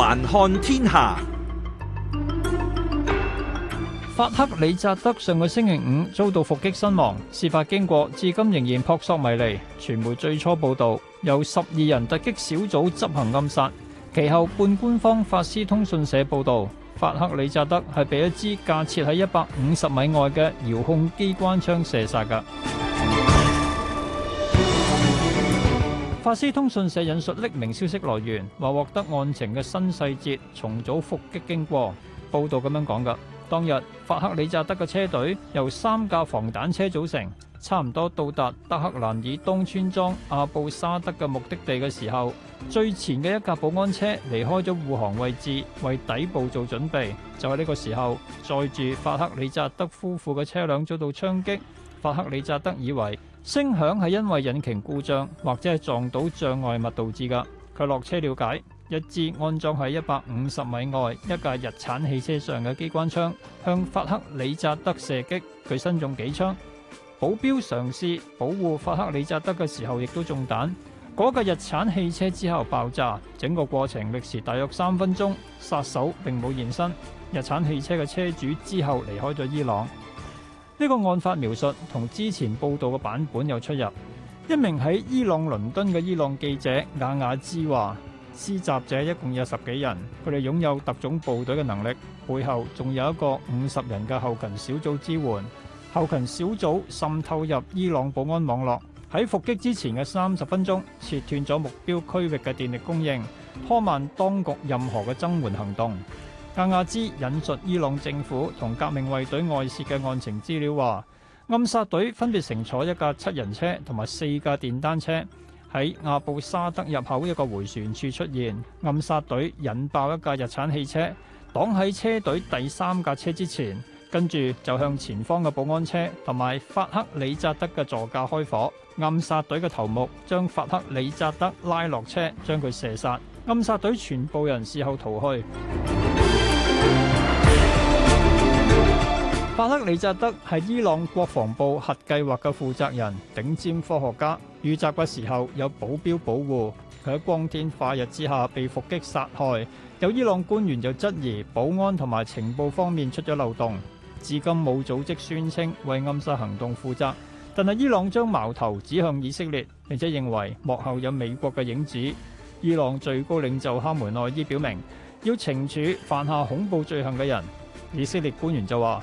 環看天下，法赫里扎德上個星期五遭到伏擊身亡。事發經過至今仍然撲朔迷離。傳媒最初報道有十二人突擊小組執行暗殺，其後半官方法斯通訊社報道，法赫里扎德係被一支架設喺一百五十米外嘅遙控機關槍射殺噶。法斯通訊社引述匿名消息來源話獲得案情嘅新細節，重組伏擊經過報道，咁樣講嘅，當日法克里扎德嘅車隊由三架防彈車組成，差唔多到達德黑蘭以東村莊阿布沙德嘅目的地嘅時候，最前嘅一架保安車離開咗護航位置，為底部做準備，就喺、是、呢個時候，載住法克里扎德夫婦嘅車輛遭到槍擊，法克里扎德以為聲響係因為引擎故障或者係撞到障礙物導致㗎。佢落車了解，一枝安裝喺一百五十米外一架日產汽車上嘅機關槍向法赫里扎德射擊，佢身中幾槍。保鏢嘗試保護法赫里扎德嘅時候，亦都中彈。嗰架日產汽車之後爆炸，整個過程歷時大約三分鐘。殺手並冇現身。日產汽車嘅車主之後離開咗伊朗。呢、這個案發描述同之前報道嘅版本有出入。一名喺伊朗倫敦嘅伊朗記者雅雅之話，施襲者一共有十幾人，佢哋擁有特種部隊嘅能力，背後仲有一個五十人嘅後勤小組支援。後勤小組滲透入伊朗保安網絡，喺伏擊之前嘅三十分鐘，切斷咗目標區域嘅電力供應，拖慢當局任何嘅增援行動。阿亞茲引述伊朗政府同革命衛隊外泄嘅案情資料話：暗殺隊分別乘坐一架七人車同埋四架電單車喺亞布沙德入口一個迴旋處出現。暗殺隊引爆一架日產汽車，擋喺車隊第三架車之前，跟住就向前方嘅保安車同埋法赫里扎德嘅座駕開火。暗殺隊嘅頭目將法赫里扎德拉落車，將佢射殺。暗殺隊全部人事後逃去。法赫里扎德係伊朗國防部核計劃嘅負責人，頂尖科學家。遇襲嘅時候有保鏢保護，佢喺光天化日之下被伏擊殺害。有伊朗官員就質疑保安同埋情報方面出咗漏洞，至今冇組織宣稱為暗殺行動負責，但係伊朗將矛頭指向以色列，並且認為幕後有美國嘅影子。伊朗最高領袖哈梅內伊表明要懲處犯下恐怖罪行嘅人。以色列官員就話。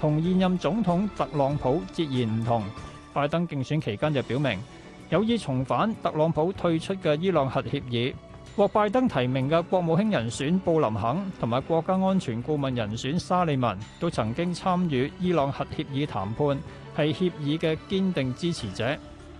同現任總統特朗普截然唔同，拜登競選期間就表明有意重返特朗普退出嘅伊朗核協議。獲拜登提名嘅國務卿人選布林肯同埋國家安全顧問人選沙利文都曾經參與伊朗核協議談判，係協議嘅堅定支持者。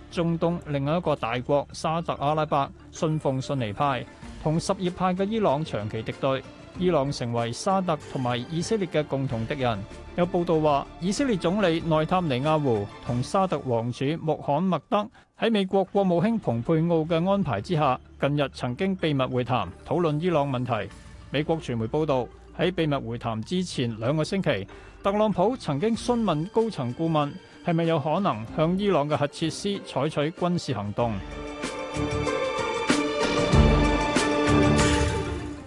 中東另一個大國沙特阿拉伯信奉遜尼派，同什葉派嘅伊朗長期敵對。伊朗成為沙特同埋以色列嘅共同敵人。有報道話，以色列總理內塔尼亞胡同沙特王儲穆罕默德喺美國國務卿蓬佩奧嘅安排之下，近日曾經秘密會談，討論伊朗問題。美國傳媒報道，喺秘密會談之前兩個星期，特朗普曾經詢問高層顧問，係咪有可能向伊朗嘅核設施採取軍事行動。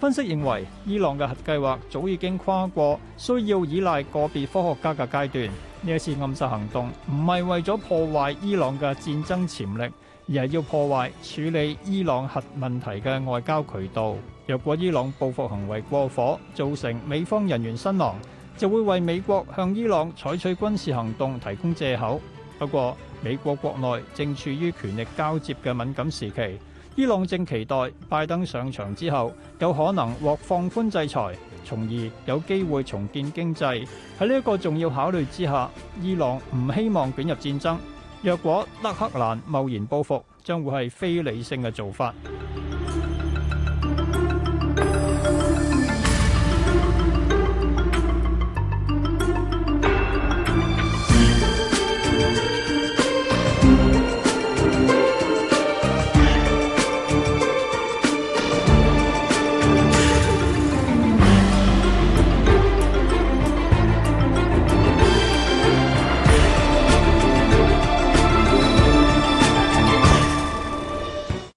分析認為，伊朗嘅核計劃早已經跨過需要依賴個別科學家嘅階段。呢一次暗殺行動唔係為咗破壞伊朗嘅戰爭潛力，而係要破壞處理伊朗核問題嘅外交渠道。若果伊朗報復行為過火，造成美方人員身亡，就會為美國向伊朗採取軍事行動提供藉口。不過，美國國內正處於權力交接嘅敏感時期。伊朗正期待拜登上場之後，有可能獲放寬制裁，從而有機會重建經濟。喺呢一個重要考慮之下，伊朗唔希望捲入戰爭。若果德黑蘭貿然報復，將會係非理性嘅做法。